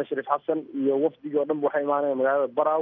sharif xasan iyo wafdigii oo dhan waxay imaanayaan magaalada baraw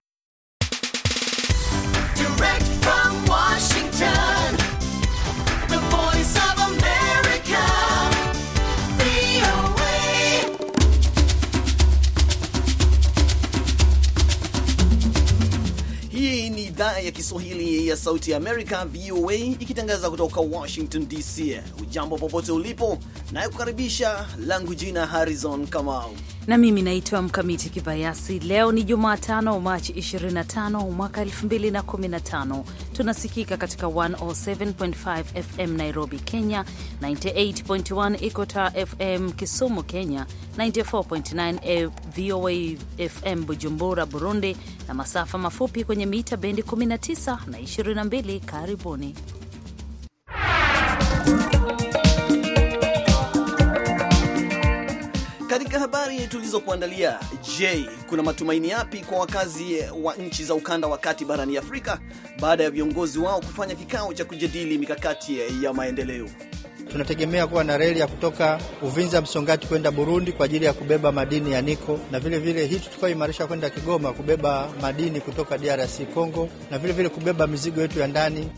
ni idhaa ya Kiswahili ya Sauti ya Amerika, VOA, ikitangaza kutoka Washington DC. Ujambo popote ulipo, nayekukaribisha langu jina Harrison Kamau na mimi naitwa Mkamiti Kibayasi. Leo ni Jumatano, Machi 25 mwaka 2015. Tunasikika katika 107.5 FM Nairobi, Kenya, 98.1 Equator FM Kisumu, Kenya, 94.9 VOA FM Bujumbura, Burundi, na masafa mafupi kwenye mita bendi 19 na 22. Karibuni. Katika habari tulizokuandalia. Je, kuna matumaini yapi kwa wakazi wa nchi za ukanda wa kati barani Afrika baada ya viongozi wao kufanya kikao cha kujadili mikakati ya maendeleo? Tunategemea kuwa na reli ya kutoka Uvinza Msongati kwenda Burundi kwa ajili ya kubeba madini ya niko, na vilevile vile hii tutakayoimarisha kwenda Kigoma kubeba madini kutoka DRC Congo, na vilevile vile kubeba mizigo yetu ya ndani.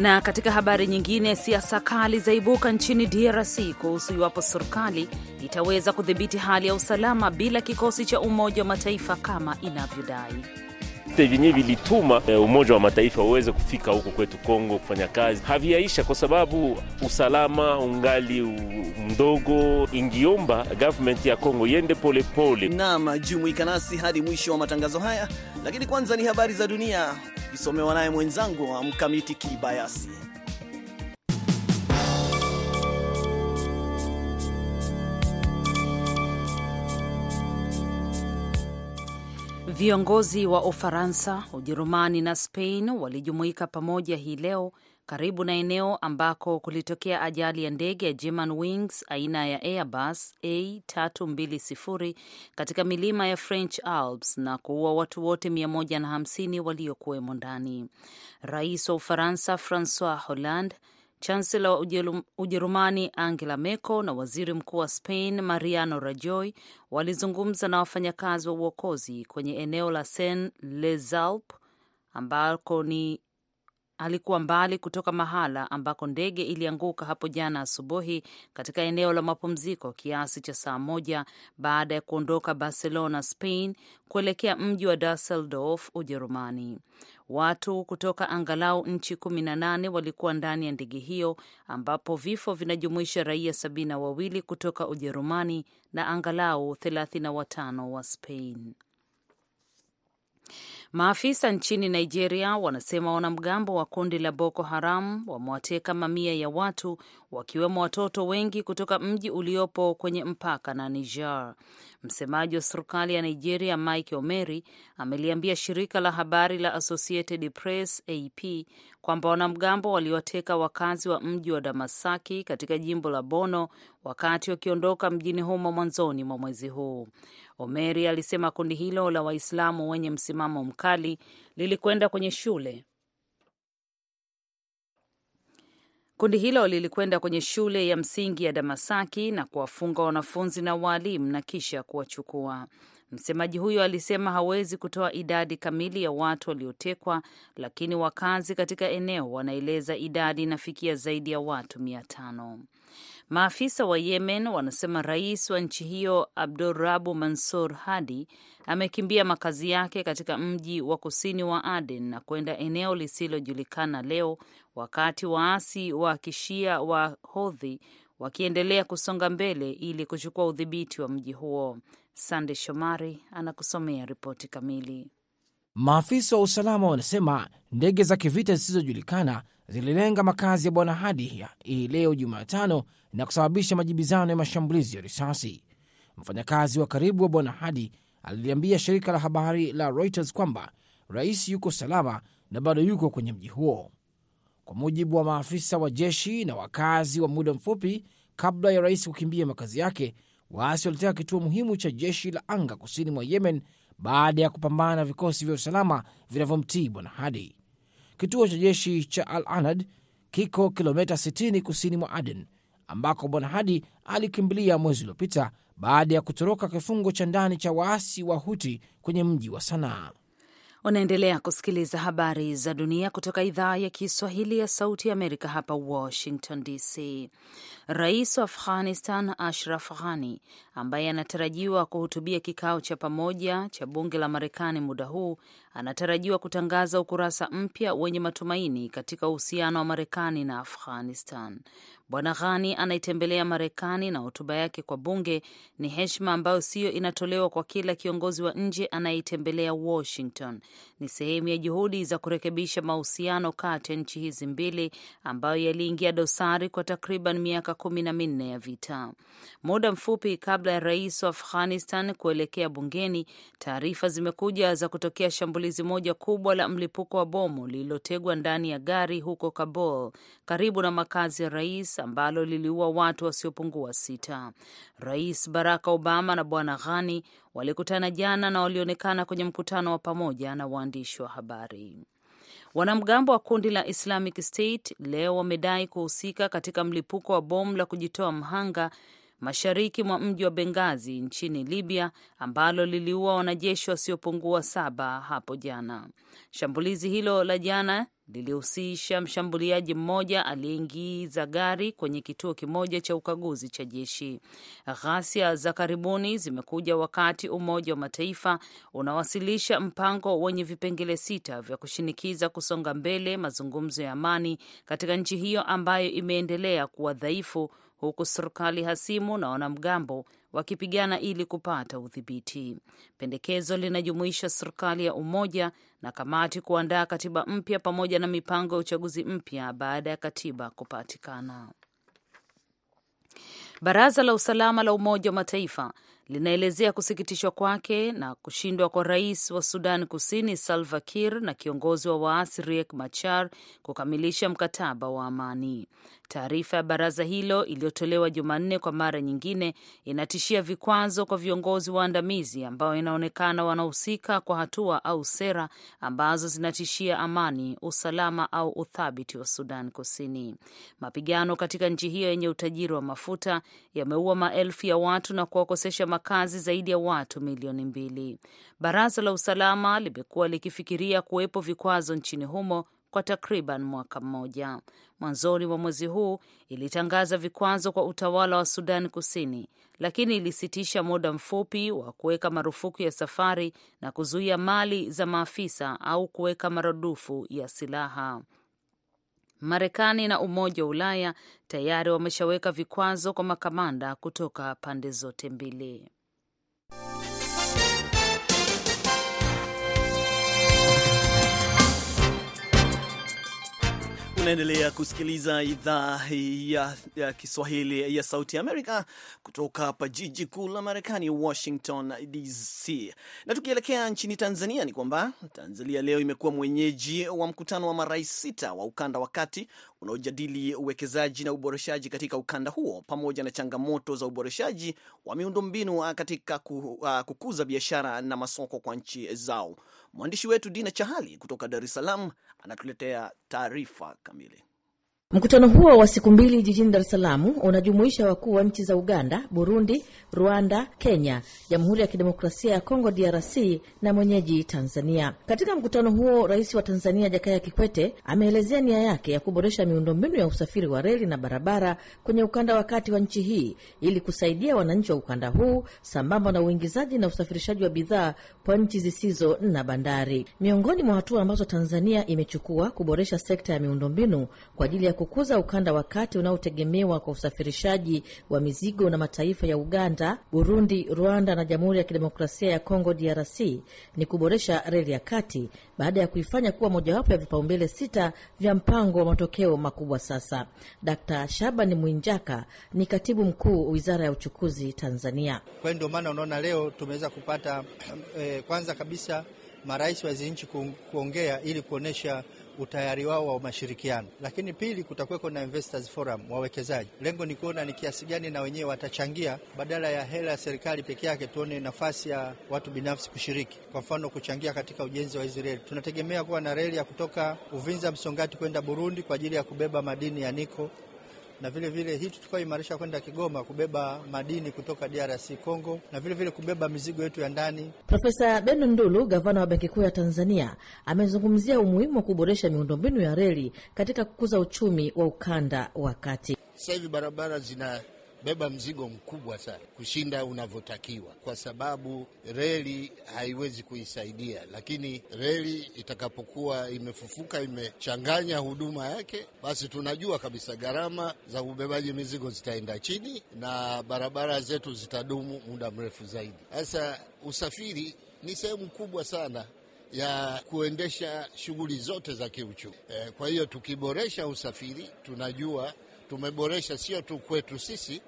Na katika habari nyingine, siasa kali zaibuka nchini DRC kuhusu iwapo serikali itaweza kudhibiti hali ya usalama bila kikosi cha Umoja wa Mataifa kama inavyodai vita vyenyewe vilituma eh, Umoja wa Mataifa uweze kufika huko kwetu Kongo kufanya kazi, haviyaisha kwa sababu usalama ungali mdogo, ingiomba government ya Kongo iende polepole. Naam, jumuika nasi hadi mwisho wa matangazo haya, lakini kwanza ni habari za dunia, ukisomewa naye mwenzangu Mkamiti Kibayasi. Viongozi wa Ufaransa, Ujerumani na Spain walijumuika pamoja hii leo karibu na eneo ambako kulitokea ajali ya ndege ya german wings aina ya Airbus A320 katika milima ya French Alps na kuua watu wote 150 waliokuwemo ndani. Rais wa Ufaransa Francois Hollande Chansela wa Ujerumani Angela Merkel na waziri mkuu wa Spain Mariano Rajoy walizungumza na wafanyakazi wa uokozi kwenye eneo la Seine les Alpes ambako ni alikuwa mbali kutoka mahala ambako ndege ilianguka hapo jana asubuhi katika eneo la mapumziko kiasi cha saa moja baada ya kuondoka Barcelona, Spain, kuelekea mji wa Dusseldorf, Ujerumani. Watu kutoka angalau nchi kumi na nane walikuwa ndani ya ndege hiyo, ambapo vifo vinajumuisha raia sabini na wawili kutoka Ujerumani na angalau thelathini na watano wa Spain. Maafisa nchini Nigeria wanasema wanamgambo wa kundi la Boko Haram wamewateka mamia ya watu wakiwemo watoto wengi kutoka mji uliopo kwenye mpaka na Niger. Msemaji wa serikali ya Nigeria Mike Omeri ameliambia shirika la habari la Associated Press AP kwamba wanamgambo waliwateka wakazi wa mji wa Damasaki katika jimbo la Bono wakati wakiondoka mjini humo mwanzoni mwa mwezi huu. Omeri alisema kundi hilo la Waislamu wenye msimamo mkali lilikwenda kwenye shule Kundi hilo lilikwenda kwenye shule ya msingi ya Damasaki na kuwafunga wanafunzi na waalimu na kisha kuwachukua. Msemaji huyo alisema hawezi kutoa idadi kamili ya watu waliotekwa, lakini wakazi katika eneo wanaeleza idadi inafikia zaidi ya watu mia tano. Maafisa wa Yemen wanasema rais wa nchi hiyo Abdurabu Mansur Hadi amekimbia makazi yake katika mji wa kusini wa Aden na kwenda eneo lisilojulikana leo, wakati waasi wa kishia wa Hodhi wakiendelea kusonga mbele ili kuchukua udhibiti wa mji huo. Sande Shomari anakusomea ripoti kamili. Maafisa wa usalama wanasema ndege za kivita zisizojulikana zililenga makazi ya bwana Hadi hii leo Jumatano na kusababisha majibizano ya mashambulizi ya risasi. Mfanyakazi wa karibu wa bwana Hadi aliliambia shirika la habari la Reuters kwamba rais yuko salama na bado yuko kwenye mji huo. Kwa mujibu wa maafisa wa jeshi na wakazi wa muda mfupi kabla ya rais kukimbia makazi yake, waasi waliteka kituo muhimu cha jeshi la anga kusini mwa Yemen baada ya kupambana na vikosi vya usalama vinavyomtii bwana Hadi. Kituo cha jeshi cha Al Anad kiko kilomita 60 kusini mwa Aden ambako Bwana Hadi alikimbilia mwezi uliopita baada ya kutoroka kifungo cha ndani cha waasi wa Huti kwenye mji wa Sanaa. Unaendelea kusikiliza habari za dunia kutoka idhaa ya Kiswahili ya Sauti ya Amerika, hapa Washington DC. Rais wa Afghanistan Ashraf Ghani ambaye anatarajiwa kuhutubia kikao cha pamoja cha bunge la Marekani muda huu, anatarajiwa kutangaza ukurasa mpya wenye matumaini katika uhusiano wa Marekani na Afghanistan. Bwana Ghani anaitembelea Marekani na hotuba yake kwa bunge ni heshima ambayo siyo inatolewa kwa kila kiongozi wa nje anayeitembelea Washington. Ni sehemu ya juhudi za kurekebisha mahusiano kati ya nchi hizi mbili ambayo yaliingia dosari kwa takriban miaka kumi na minne ya vita. Muda mfupi kabla kabla ya rais wa Afghanistan kuelekea bungeni, taarifa zimekuja za kutokea shambulizi moja kubwa la mlipuko wa bomu lililotegwa ndani ya gari huko Kabul, karibu na makazi ya rais, ambalo liliua watu wasiopungua sita. Rais Barack Obama na Bwana Ghani walikutana jana na walionekana kwenye mkutano wa pamoja na waandishi wa habari. Wanamgambo wa kundi la Islamic State leo wamedai kuhusika katika mlipuko wa bomu la kujitoa mhanga mashariki mwa mji wa Bengazi nchini Libya ambalo liliua wanajeshi wasiopungua saba hapo jana. Shambulizi hilo la jana lilihusisha mshambuliaji mmoja aliyeingiza gari kwenye kituo kimoja cha ukaguzi cha jeshi. Ghasia za karibuni zimekuja wakati Umoja wa Mataifa unawasilisha mpango wenye vipengele sita vya kushinikiza kusonga mbele mazungumzo ya amani katika nchi hiyo ambayo imeendelea kuwa dhaifu huku serikali hasimu na wanamgambo wakipigana ili kupata udhibiti. Pendekezo linajumuisha serikali ya umoja na kamati kuandaa katiba mpya pamoja na mipango ya uchaguzi mpya baada ya katiba kupatikana. Baraza la usalama la Umoja wa Mataifa linaelezea kusikitishwa kwake na kushindwa kwa rais wa Sudan Kusini Salva Kiir na kiongozi wa waasi Riek Machar kukamilisha mkataba wa amani. Taarifa ya baraza hilo iliyotolewa Jumanne kwa mara nyingine inatishia vikwazo kwa viongozi waandamizi ambao inaonekana wanahusika kwa hatua au sera ambazo zinatishia amani, usalama au uthabiti wa Sudan Kusini. Mapigano katika nchi hiyo yenye utajiri wa mafuta yameua maelfu ya watu na kuwakosesha makazi zaidi ya watu milioni mbili. Baraza la usalama limekuwa likifikiria kuwepo vikwazo nchini humo kwa takriban mwaka mmoja. Mwanzoni mwa mwezi huu ilitangaza vikwazo kwa utawala wa Sudan Kusini, lakini ilisitisha muda mfupi wa kuweka marufuku ya safari na kuzuia mali za maafisa au kuweka marudufu ya silaha. Marekani na Umoja wa Ulaya tayari wameshaweka vikwazo kwa makamanda kutoka pande zote mbili. Unaendelea kusikiliza idhaa ya, ya Kiswahili ya Sauti Amerika kutoka hapa jiji kuu la Marekani, Washington DC. Na tukielekea nchini Tanzania, ni kwamba Tanzania leo imekuwa mwenyeji wa mkutano wa marais sita wa ukanda wa kati unaojadili uwekezaji na uboreshaji katika ukanda huo pamoja na changamoto za uboreshaji wa miundombinu ah, katika ah, kukuza biashara na masoko kwa nchi zao. Mwandishi wetu Dina Chahali kutoka Dar es Salaam anatuletea taarifa kamili. Mkutano huo wa siku mbili jijini Dar es Salaam unajumuisha wakuu wa nchi za Uganda, Burundi, Rwanda, Kenya, Jamhuri ya Kidemokrasia ya Kongo DRC na mwenyeji Tanzania. Katika mkutano huo, Rais wa Tanzania Jakaya Kikwete ameelezea nia yake ya kuboresha miundombinu ya usafiri wa reli na barabara kwenye ukanda wa kati wa nchi hii ili kusaidia wananchi wa ukanda huu sambamba na uingizaji na usafirishaji wa bidhaa kwa nchi zisizo na bandari. Miongoni mwa hatua ambazo Tanzania imechukua kuboresha sekta ya miundombinu kwa ajili ya kukuza ukanda wa kati unaotegemewa kwa usafirishaji wa mizigo na mataifa ya Uganda, Burundi, Rwanda na Jamhuri ya Kidemokrasia ya Kongo DRC ni kuboresha reli ya kati baada ya kuifanya kuwa mojawapo ya vipaumbele sita vya mpango wa matokeo makubwa. Sasa Dkt. Shabani Mwinjaka ni katibu mkuu Wizara ya Uchukuzi Tanzania. Kwa hiyo ndio maana unaona leo tumeweza kupata eh, kwanza kabisa marais wa hizi nchi kuongea ili kuonyesha utayari wao wa mashirikiano, lakini pili, kutakuweko na investors forum, wawekezaji. Lengo ni kuona ni kiasi gani na wenyewe watachangia, badala ya hela ya serikali peke yake, tuone nafasi ya watu binafsi kushiriki, kwa mfano kuchangia katika ujenzi wa hizi reli. Tunategemea kuwa na reli ya kutoka Uvinza Msongati kwenda Burundi kwa ajili ya kubeba madini ya niko na vile vile hii tutakayoimarisha kwenda Kigoma kubeba madini kutoka DRC Congo na vile vile kubeba mizigo yetu ya ndani. Profesa Beno Ndulu, gavana wa Benki Kuu ya Tanzania, amezungumzia umuhimu wa kuboresha miundombinu ya reli katika kukuza uchumi wa ukanda wa kati. Sasa hivi barabara zina beba mzigo mkubwa sana kushinda unavyotakiwa, kwa sababu reli haiwezi kuisaidia. Lakini reli itakapokuwa imefufuka, imechanganya huduma yake, basi tunajua kabisa gharama za ubebaji mizigo zitaenda chini na barabara zetu zitadumu muda mrefu zaidi. Sasa usafiri ni sehemu kubwa sana ya kuendesha shughuli zote za kiuchumi. E, kwa hiyo tukiboresha usafiri, tunajua tumeboresha sio tu kwetu sisi,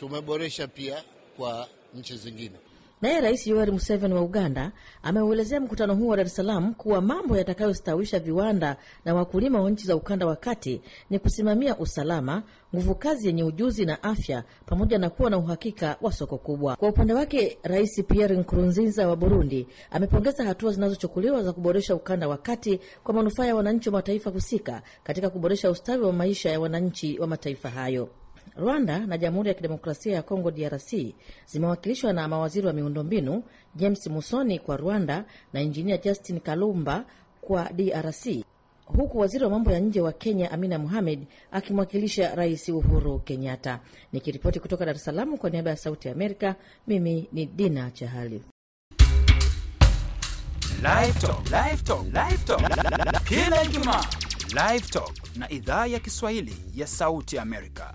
tumeboresha pia kwa nchi zingine. Naye Rais Yoweri Museveni wa Uganda ameuelezea mkutano huu wa Dar es Salaam kuwa mambo yatakayostawisha viwanda na wakulima wa nchi za ukanda wa kati ni kusimamia usalama, nguvu kazi yenye ujuzi na afya, pamoja na kuwa na uhakika wa soko kubwa. Kwa upande wake, Rais Pierre Nkurunziza wa Burundi amepongeza hatua zinazochukuliwa za kuboresha ukanda wa kati kwa manufaa ya wananchi wa mataifa husika katika kuboresha ustawi wa maisha ya wananchi wa mataifa hayo. Rwanda na Jamhuri ya Kidemokrasia ya Kongo DRC zimewakilishwa na mawaziri wa miundombinu James Musoni kwa Rwanda na Injinia Justin Kalumba kwa DRC, huku waziri wa mambo ya nje wa Kenya Amina muhamed akimwakilisha Rais Uhuru Kenyatta. Nikiripoti kutoka Dar es Salaam kwa niaba ya Sauti Amerika, mimi ni Dina Chahali. Kila Ijumaa na idhaa ya Kiswahili ya Sauti Amerika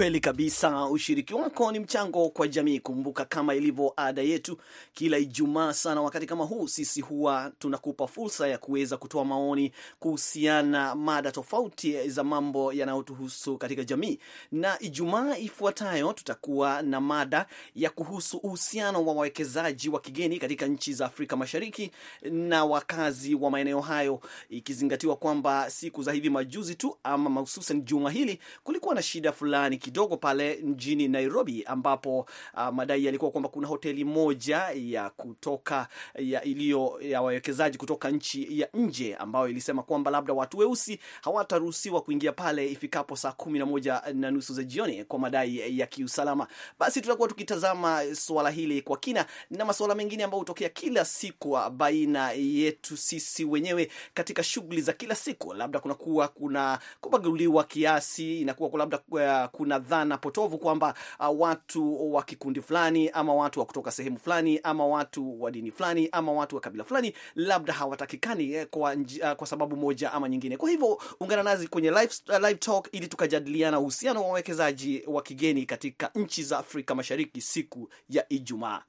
kweli kabisa. Ushiriki wako ni mchango kwa jamii. Kumbuka, kama ilivyo ada yetu, kila Ijumaa sana wakati kama huu, sisi huwa tunakupa fursa ya kuweza kutoa maoni kuhusiana mada tofauti za mambo yanayotuhusu katika jamii, na Ijumaa ifuatayo tutakuwa na mada ya kuhusu uhusiano wa wawekezaji wa kigeni katika nchi za Afrika Mashariki na wakazi wa maeneo hayo, ikizingatiwa kwamba siku za hivi majuzi tu ama mahususan juma hili kulikuwa na shida fulani kidogo pale mjini Nairobi, ambapo uh, madai yalikuwa kwamba kuna hoteli moja ya kutoka ya iliyo ya wawekezaji kutoka nchi ya nje ambayo ilisema kwamba labda watu weusi hawataruhusiwa kuingia pale ifikapo saa kumi na moja na nusu za jioni kwa madai ya kiusalama. Basi tutakuwa tukitazama suala hili kwa kina na masuala mengine ambayo hutokea kila siku ah, baina yetu sisi wenyewe katika shughuli za kila siku. Labda kunakuwa kuna kubaguliwa kiasi, inakuwa labda ah, kuna na dhana potovu kwamba uh, watu wa kikundi fulani ama watu wa kutoka sehemu fulani ama watu wa dini fulani ama watu wa kabila fulani labda hawatakikani eh, kwa, uh, kwa sababu moja ama nyingine. Kwa hivyo ungana nazi kwenye live, uh, live talk ili tukajadiliana uhusiano wa wawekezaji wa kigeni katika nchi za Afrika Mashariki siku ya Ijumaa.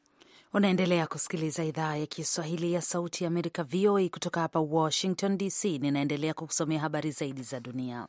Unaendelea kusikiliza idhaa ya Kiswahili ya Sauti ya Amerika, VOA, kutoka hapa Washington DC. Ninaendelea kukusomea habari zaidi za dunia.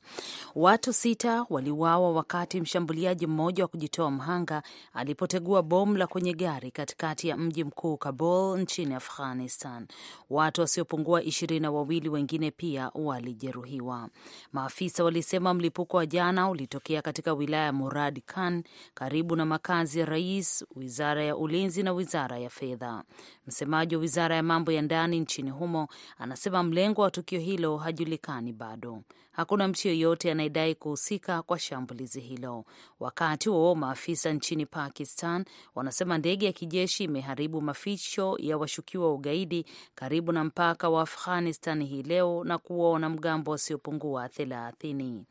Watu sita waliuawa wakati mshambuliaji mmoja wa kujitoa mhanga alipotegua bomu la kwenye gari katikati ya mji mkuu Kabul nchini Afghanistan. Watu wasiopungua ishirini na wawili wengine pia walijeruhiwa. Maafisa walisema mlipuko wa jana ulitokea katika wilaya ya Murad Khan karibu na makazi ya rais, wizara ya ulinzi na wizara wizara ya fedha. Msemaji wa wizara ya mambo ya ndani nchini humo anasema mlengo wa tukio hilo hajulikani bado. Hakuna mtu yeyote anayedai kuhusika kwa shambulizi hilo. Wakati huo maafisa nchini Pakistan wanasema ndege ya kijeshi imeharibu maficho ya washukiwa wa ugaidi karibu na mpaka wa Afghanistan hii leo na kuwa wanamgambo wasiopungua thelathini.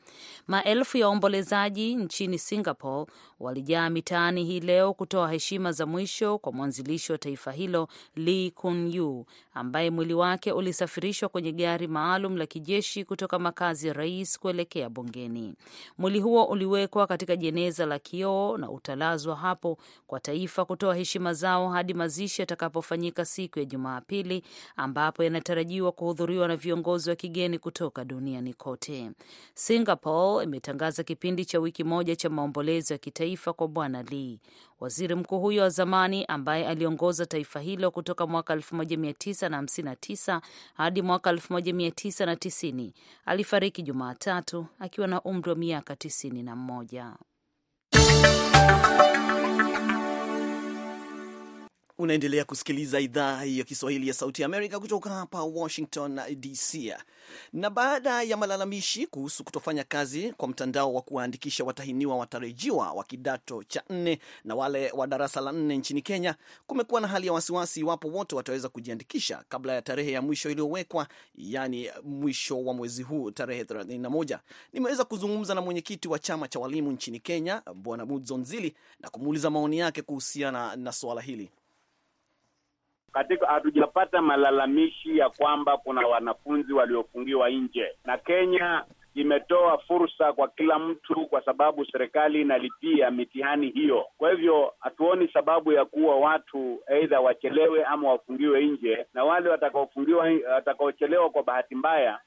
Maelfu ya waombolezaji nchini Singapore walijaa mitaani hii leo kutoa heshima za mwisho kwa mwanzilishi mwakilishi wa taifa hilo Lee Kun Yu ambaye mwili wake ulisafirishwa kwenye gari maalum la kijeshi kutoka makazi ya rais kuelekea bungeni. Mwili huo uliwekwa katika jeneza la kioo na utalazwa hapo kwa taifa kutoa heshima zao hadi mazishi yatakapofanyika siku ya Jumapili, ambapo yanatarajiwa kuhudhuriwa na viongozi wa kigeni kutoka duniani kote. Singapore imetangaza kipindi cha wiki moja cha maombolezo ya kitaifa kwa Bwana Lee. Waziri mkuu huyo wa zamani ambaye aliongoza taifa hilo kutoka mwaka 1959 hadi mwaka 1990. Alifariki Jumatatu akiwa na umri wa miaka 91. Unaendelea kusikiliza idhaa ya Kiswahili ya Sauti ya Amerika kutoka hapa Washington uh, DC. Na baada ya malalamishi kuhusu kutofanya kazi kwa mtandao wa kuwaandikisha watahiniwa watarejiwa wa kidato cha nne na wale wa darasa la nne nchini Kenya, kumekuwa na hali ya wasiwasi iwapo wote wataweza kujiandikisha kabla ya tarehe ya mwisho iliyowekwa, yaani mwisho wa mwezi huu tarehe 31. Nimeweza kuzungumza na mwenyekiti wa chama cha walimu nchini Kenya, Bwana Mudzonzili, na kumuuliza maoni yake kuhusiana na suala hili katika hatujapata malalamishi ya kwamba kuna wanafunzi waliofungiwa nje, na Kenya imetoa fursa kwa kila mtu, kwa sababu serikali inalipia mitihani hiyo. Kwa hivyo hatuoni sababu ya kuwa watu aidha wachelewe ama wafungiwe nje, na wale watakaofungiwa watakaochelewa kwa bahati mbaya,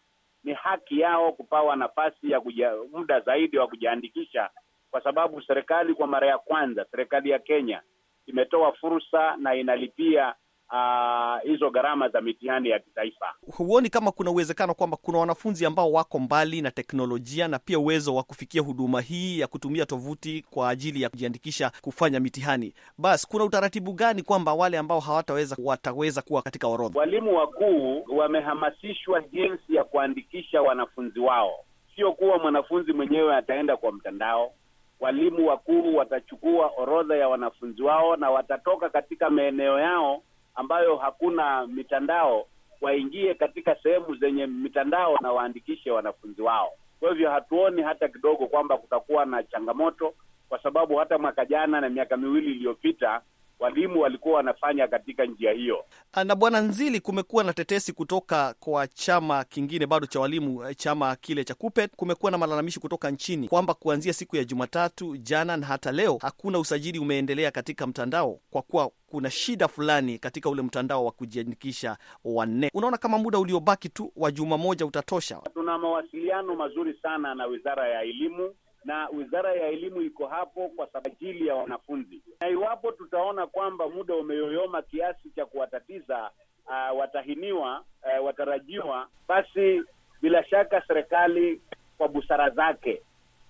ni haki yao kupawa nafasi ya kuja, muda zaidi wa kujiandikisha, kwa sababu serikali kwa mara ya kwanza, serikali ya Kenya imetoa fursa na inalipia Uh, hizo uh, gharama za mitihani ya kitaifa. Huoni kama kuna uwezekano kwamba kuna wanafunzi ambao wako mbali na teknolojia na pia uwezo wa kufikia huduma hii ya kutumia tovuti kwa ajili ya kujiandikisha kufanya mitihani? Basi kuna utaratibu gani kwamba wale ambao hawataweza wataweza kuwa katika orodha? Walimu wakuu wamehamasishwa jinsi ya kuandikisha wanafunzi wao, sio kuwa mwanafunzi mwenyewe ataenda kwa mtandao walimu wakuu watachukua orodha ya wanafunzi wao na watatoka katika maeneo yao ambayo hakuna mitandao waingie katika sehemu zenye mitandao na waandikishe wanafunzi wao. Kwa hivyo hatuoni hata kidogo kwamba kutakuwa na changamoto, kwa sababu hata mwaka jana na miaka miwili iliyopita walimu walikuwa wanafanya katika njia hiyo. Ah, na Bwana Nzili, kumekuwa na tetesi kutoka kwa chama kingine bado cha walimu, eh, chama kile cha KUPET. Kumekuwa na malalamishi kutoka nchini kwamba kuanzia siku ya Jumatatu jana na hata leo hakuna usajili umeendelea katika mtandao kwa kuwa kuna shida fulani katika ule mtandao wa kujiandikisha wanne. Unaona kama muda uliobaki tu wa juma moja utatosha? Tuna mawasiliano mazuri sana na Wizara ya Elimu na wizara ya elimu iko hapo kwa sabajili ya wanafunzi, na iwapo tutaona kwamba muda umeyoyoma kiasi cha kuwatatiza uh, watahiniwa uh, watarajiwa, basi bila shaka serikali kwa busara zake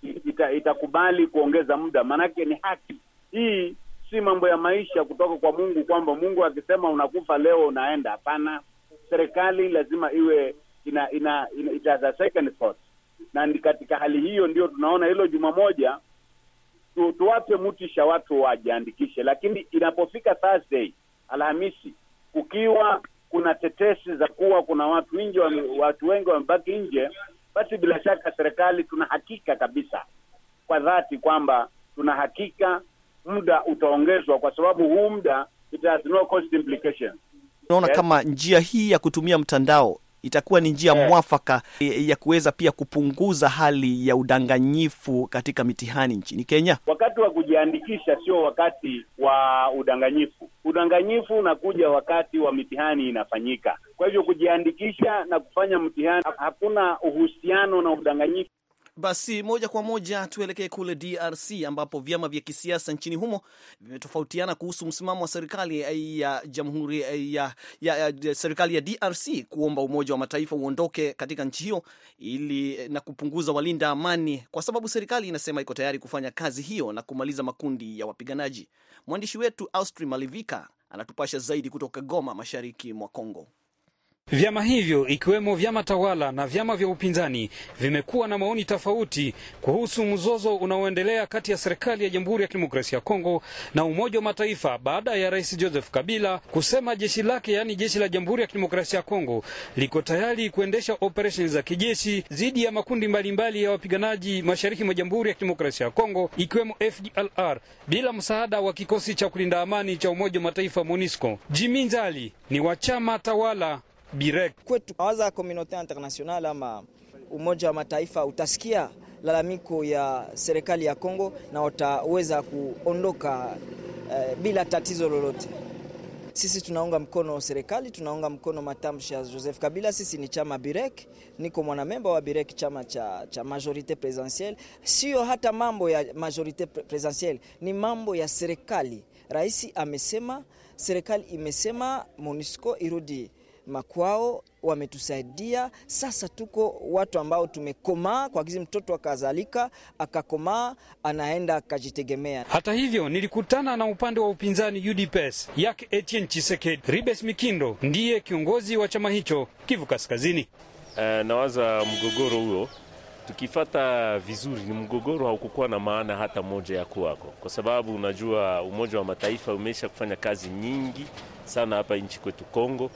ita, itakubali kuongeza muda, maanake ni haki hii. Si mambo ya maisha kutoka kwa Mungu kwamba Mungu akisema unakufa leo unaenda. Hapana, serikali lazima iwe ina, ina, ina, ina, ina, na ni katika hali hiyo ndio tunaona hilo juma moja tu, tuwape mutisha watu wajiandikishe, lakini inapofika Thursday, Alhamisi, kukiwa kuna tetesi za kuwa kuna watu nje watu wengi wamebaki nje, basi bila shaka serikali tuna hakika kabisa kwa dhati kwamba tuna hakika muda utaongezwa, kwa sababu huu muda it has no cost implications. Unaona, yes. Kama njia hii ya kutumia mtandao itakuwa ni njia yeah, mwafaka eh, ya kuweza pia kupunguza hali ya udanganyifu katika mitihani nchini Kenya. Wakati wa kujiandikisha sio wakati wa udanganyifu. Udanganyifu unakuja wakati wa mitihani inafanyika. Kwa hivyo kujiandikisha na kufanya mtihani hakuna uhusiano na udanganyifu. Basi moja kwa moja tuelekee kule DRC ambapo vyama vya kisiasa nchini humo vimetofautiana kuhusu msimamo wa serikali ya jamhuri ya, ya, ya, ya, serikali ya DRC kuomba Umoja wa Mataifa uondoke katika nchi hiyo ili eh, na kupunguza walinda amani, kwa sababu serikali inasema iko tayari kufanya kazi hiyo na kumaliza makundi ya wapiganaji. Mwandishi wetu Austri Malivika anatupasha zaidi kutoka Goma, mashariki mwa congo Vyama hivyo ikiwemo vyama tawala na vyama vya upinzani vimekuwa na maoni tofauti kuhusu mzozo unaoendelea kati ya serikali ya Jamhuri ya Kidemokrasia ya Kongo na Umoja wa Mataifa baada ya Rais Joseph Kabila kusema jeshi lake, yaani jeshi la Jamhuri ya Kidemokrasia ya Kongo liko tayari kuendesha operesheni za kijeshi dhidi ya makundi mbalimbali mbali ya wapiganaji mashariki mwa Jamhuri ya Kidemokrasia ya Kongo ikiwemo FDLR bila msaada wa kikosi cha kulinda amani cha Umoja wa Mataifa MONUSCO. Jiminzali ni wa chama tawala birek kwetu. Awaza komunote international ama Umoja wa Mataifa utasikia lalamiko ya serikali ya Kongo na wataweza kuondoka eh, bila tatizo lolote. Sisi tunaunga mkono serikali, tunaunga mkono matamshi ya Joseph Kabila. Sisi ni chama Birek, niko mwanamemba wa Birek, chama cha, cha majorite presidentielle. Sio hata mambo ya majorite presidentielle, ni mambo ya serikali. Rais amesema, serikali imesema, MONUSCO irudi makwao wametusaidia. Sasa tuko watu ambao tumekomaa kwa kizi, mtoto akazalika akakomaa, anaenda akajitegemea. Hata hivyo, nilikutana na upande wa upinzani UDPS yake Etienne Tshisekedi. Ribes Mikindo ndiye kiongozi wa chama hicho Kivu Kaskazini. Uh, nawaza mgogoro huo tukifata vizuri, ni mgogoro haukukuwa na maana hata moja ya kuwako, kwa sababu unajua Umoja wa Mataifa umesha kufanya kazi nyingi sana hapa nchi kwetu Kongo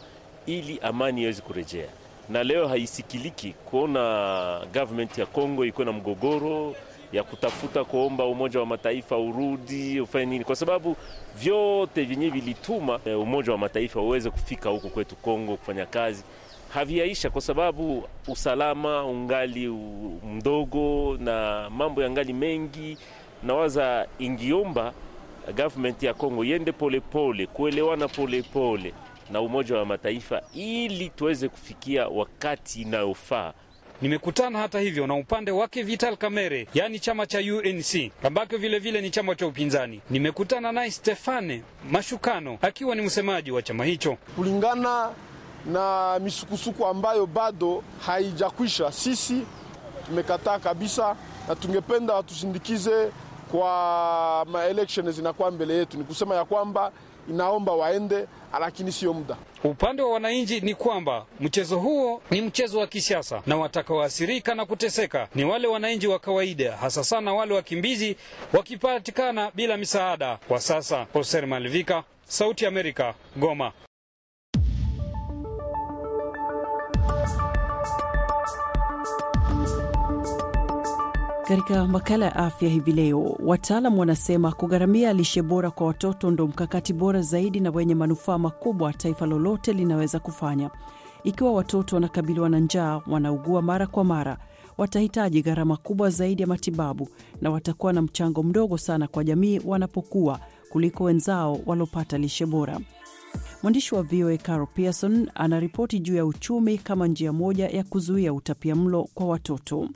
ili amani iweze kurejea, na leo haisikiliki kuona government ya Kongo iko na mgogoro ya kutafuta kuomba Umoja wa Mataifa urudi ufanye nini, kwa sababu vyote vyenye vilituma eh, Umoja wa Mataifa uweze kufika huko kwetu Kongo kufanya kazi haviyaisha, kwa sababu usalama ungali mdogo na mambo ya ngali mengi. Nawaza ingiomba government ya Kongo yende polepole, kuelewana polepole pole na Umoja wa Mataifa ili tuweze kufikia wakati inayofaa. Nimekutana hata hivyo na upande wake Vital Kamerhe, yaani chama cha UNC ambacho vile vile ni chama cha upinzani. Nimekutana naye Stefane Mashukano akiwa ni msemaji wa chama hicho. Kulingana na misukusuku ambayo bado haijakwisha, sisi tumekataa kabisa, na tungependa watusindikize kwa maelection zinakuwa mbele yetu, ni kusema ya kwamba inaomba waende, lakini sio muda. Upande wa wananchi ni kwamba mchezo huo ni mchezo wa kisiasa, na watakaoathirika na kuteseka ni wale wananchi wa kawaida, hasa sana wale wakimbizi wakipatikana bila misaada kwa sasa. Hoser Malivika, Sauti ya Amerika, Goma. Katika makala ya afya hivi leo, wataalam wanasema kugharamia lishe bora kwa watoto ndo mkakati bora zaidi na wenye manufaa makubwa taifa lolote linaweza kufanya. Ikiwa watoto wanakabiliwa na njaa, wanaugua mara kwa mara, watahitaji gharama kubwa zaidi ya matibabu na watakuwa na mchango mdogo sana kwa jamii wanapokuwa kuliko wenzao walopata lishe bora. Mwandishi wa VOA caro Pearson anaripoti juu ya uchumi kama njia moja ya kuzuia utapia mlo kwa watoto.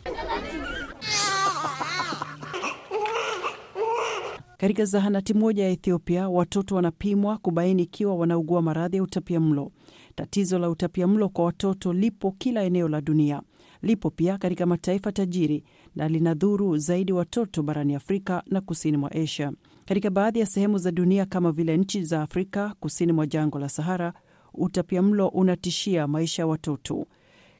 Katika zahanati moja ya Ethiopia, watoto wanapimwa kubaini ikiwa wanaugua maradhi ya utapia mlo Tatizo la utapia mlo kwa watoto lipo kila eneo la dunia, lipo pia katika mataifa tajiri na linadhuru zaidi watoto barani Afrika na kusini mwa Asia. Katika baadhi ya sehemu za dunia kama vile nchi za Afrika kusini mwa jangwa la Sahara, utapia mlo unatishia maisha ya watoto.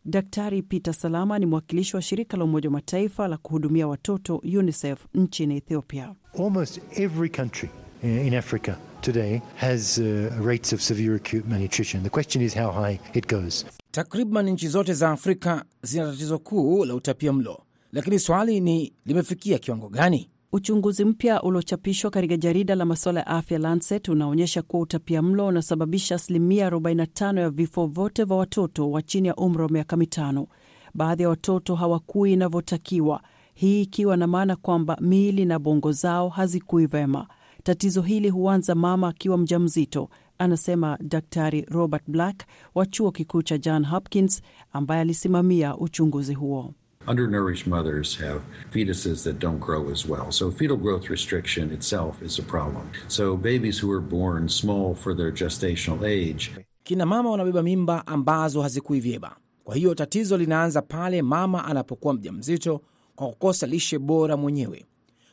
Daktari Peter Salama ni mwakilishi wa shirika la Umoja wa Mataifa la kuhudumia watoto UNICEF nchini Ethiopia. Almost every country eh, in Africa today has uh, rates of severe acute malnutrition. The question is how high it goes. Takriban nchi zote za Afrika zina tatizo kuu la utapia mlo, lakini swali ni limefikia kiwango gani? Uchunguzi mpya uliochapishwa katika jarida la masuala ya afya Lancet unaonyesha kuwa utapia mlo unasababisha asilimia 45 ya vifo vyote vya watoto wa chini ya umri wa miaka mitano. Baadhi ya watoto hawakui inavyotakiwa, hii ikiwa na maana kwamba miili na bongo zao hazikui vema. Tatizo hili huanza mama akiwa mjamzito, anasema Daktari Robert Black wa chuo kikuu cha John Hopkins ambaye alisimamia uchunguzi huo. Undernourished mothers have fetuses that don't grow as well. So fetal growth restriction itself is a problem. So babies who are born small for their gestational age. Kina mama wanabeba mimba ambazo hazikui vyema. Kwa hiyo tatizo linaanza pale mama anapokuwa mjamzito kwa kukosa lishe bora mwenyewe.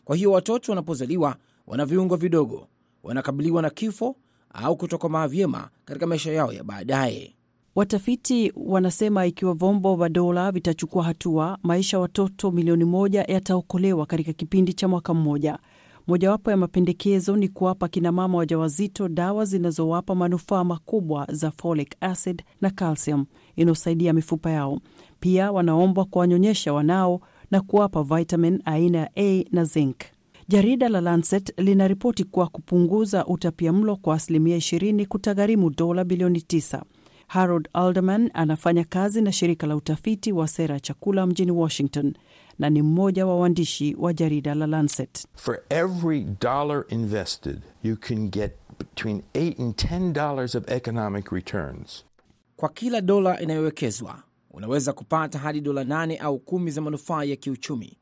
Kwa hiyo watoto wanapozaliwa wana viungo vidogo, wanakabiliwa na kifo au kutokomaa vyema katika maisha yao ya baadaye. Watafiti wanasema ikiwa vyombo vya dola vitachukua hatua, maisha ya watoto milioni moja yataokolewa katika kipindi cha mwaka mmoja. Mojawapo ya mapendekezo ni kuwapa kinamama wajawazito dawa zinazowapa manufaa makubwa za folic acid na calcium inayosaidia mifupa yao. Pia wanaombwa kuwanyonyesha wanao na kuwapa vitamin aina ya A na zinc. Jarida la Lancet linaripoti kuwa kupunguza utapia mlo kwa asilimia 20 kutagharimu dola bilioni 9. Harold Alderman anafanya kazi na shirika la utafiti wa sera ya chakula mjini Washington na ni mmoja wa waandishi wa jarida la Lancet. For every dollar invested, you can get between 8 and 10 dollars of economic returns. Kwa kila dola inayowekezwa unaweza kupata hadi dola nane au kumi za manufaa ya kiuchumi.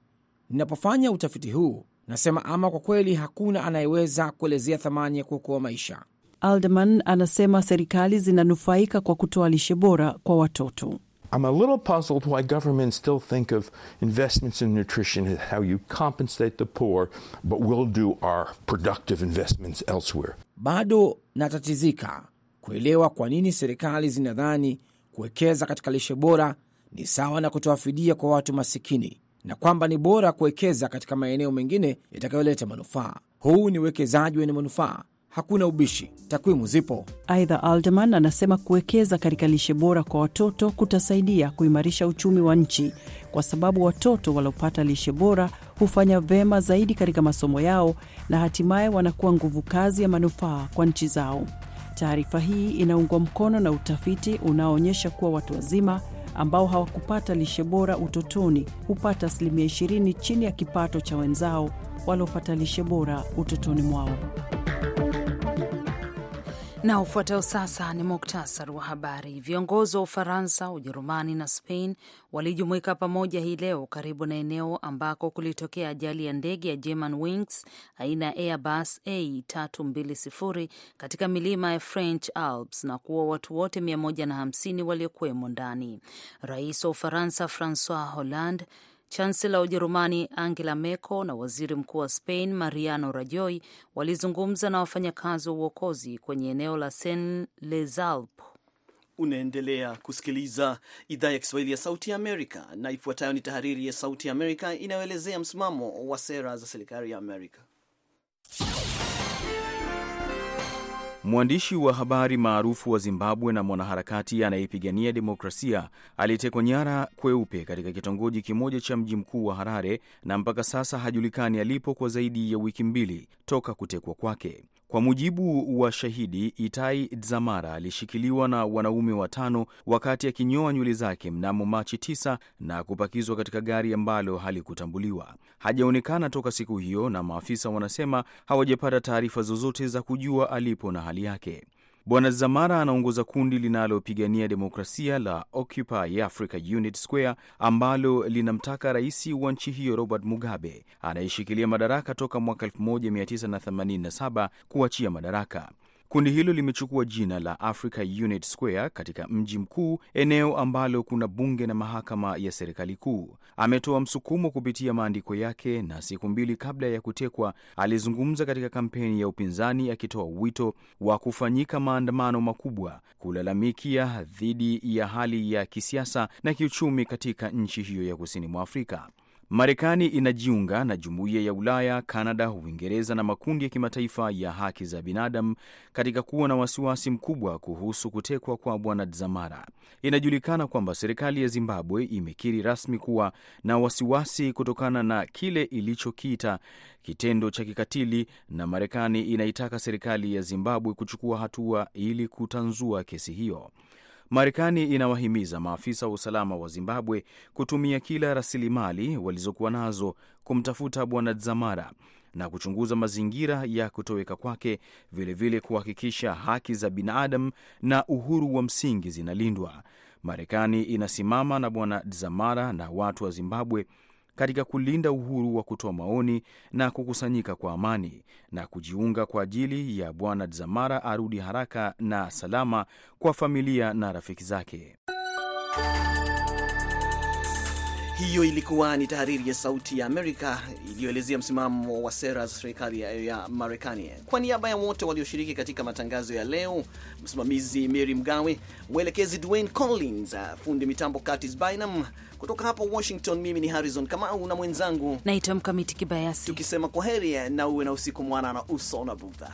Ninapofanya utafiti huu nasema, ama kwa kweli hakuna anayeweza kuelezea thamani ya kuokoa maisha. Alderman anasema serikali zinanufaika kwa kutoa lishe bora kwa watoto. I'm a little puzzled why governments still think of investments in nutrition as how you compensate the poor, but we'll do our productive investments elsewhere. Bado natatizika kuelewa kwa nini serikali zinadhani kuwekeza katika lishe bora ni sawa na kutoa fidia kwa watu masikini na kwamba ni bora kuwekeza katika maeneo mengine yatakayoleta manufaa. Huu ni uwekezaji wenye manufaa hakuna ubishi, takwimu zipo. Aidha, Alderman anasema kuwekeza katika lishe bora kwa watoto kutasaidia kuimarisha uchumi wa nchi, kwa sababu watoto waliopata lishe bora hufanya vema zaidi katika masomo yao na hatimaye wanakuwa nguvu kazi ya manufaa kwa nchi zao. Taarifa hii inaungwa mkono na utafiti unaoonyesha kuwa watu wazima ambao hawakupata lishe bora utotoni hupata asilimia 20 chini ya kipato cha wenzao waliopata lishe bora utotoni mwao. Na ufuatao sasa ni muktasari wa habari. Viongozi wa Ufaransa, Ujerumani na Spain walijumuika pamoja hii leo karibu na eneo ambako kulitokea ajali ya ndege ya german Wings aina ya Airbus A320 katika milima ya French Alps na kuwa watu wote 150 waliokuwemo ndani. Rais wa Ufaransa Francois Hollande Chansela wa Ujerumani Angela Merkel na waziri mkuu wa Spain Mariano Rajoy walizungumza na wafanyakazi wa uokozi kwenye eneo la Sen lesalp Unaendelea kusikiliza idhaa ya Kiswahili ya Sauti ya Amerika, na ifuatayo ni tahariri ya Sauti ya Amerika inayoelezea msimamo wa sera za serikali ya Amerika. Mwandishi wa habari maarufu wa Zimbabwe na mwanaharakati anayepigania demokrasia aliyetekwa nyara kweupe katika kitongoji kimoja cha mji mkuu wa Harare na mpaka sasa hajulikani alipo kwa zaidi ya wiki mbili toka kutekwa kwake. Kwa mujibu wa shahidi, Itai Dzamara alishikiliwa na wanaume watano wakati akinyoa nywele zake mnamo Machi 9 na kupakizwa katika gari ambalo halikutambuliwa. Hajaonekana toka siku hiyo, na maafisa wanasema hawajapata taarifa zozote za kujua alipo na hali yake. Bwana Zamara anaongoza kundi linalopigania demokrasia la Occupy Africa Unit Square ambalo linamtaka rais wa nchi hiyo Robert Mugabe anayeshikilia madaraka toka mwaka 1987 kuachia madaraka. Kundi hilo limechukua jina la Africa Unit Square katika mji mkuu, eneo ambalo kuna bunge na mahakama ya serikali kuu. Ametoa msukumo kupitia maandiko yake, na siku mbili kabla ya kutekwa alizungumza katika kampeni ya upinzani akitoa wito wa kufanyika maandamano makubwa kulalamikia dhidi ya hali ya kisiasa na kiuchumi katika nchi hiyo ya kusini mwa Afrika. Marekani inajiunga na jumuiya ya Ulaya, Kanada, Uingereza na makundi ya kimataifa ya haki za binadamu katika kuwa na wasiwasi mkubwa kuhusu kutekwa kwa Bwana Dzamara. Inajulikana kwamba serikali ya Zimbabwe imekiri rasmi kuwa na wasiwasi kutokana na kile ilichokiita kitendo cha kikatili, na Marekani inaitaka serikali ya Zimbabwe kuchukua hatua ili kutanzua kesi hiyo. Marekani inawahimiza maafisa wa usalama wa Zimbabwe kutumia kila rasilimali walizokuwa nazo kumtafuta Bwana Dzamara na kuchunguza mazingira ya kutoweka kwake, vilevile kuhakikisha haki za binadamu na uhuru wa msingi zinalindwa. Marekani inasimama na Bwana Dzamara na watu wa Zimbabwe katika kulinda uhuru wa kutoa maoni na kukusanyika kwa amani na kujiunga kwa ajili ya Bwana Dzamara arudi haraka na salama kwa familia na rafiki zake. Hiyo ilikuwa ni tahariri ya Sauti ya Amerika iliyoelezea msimamo wa sera za serikali ya Marekani. Kwa niaba ya wote walioshiriki katika matangazo ya leo, msimamizi Mary Mgawe, mwelekezi Dwayne Collins, fundi mitambo Curtis Bynum, kutoka hapa Washington, mimi ni Harrison Kamau na mwenzangu naitwa Mkamiti Kibayasi, tukisema kwa heri na uwe na usiku mwana na uso na budha.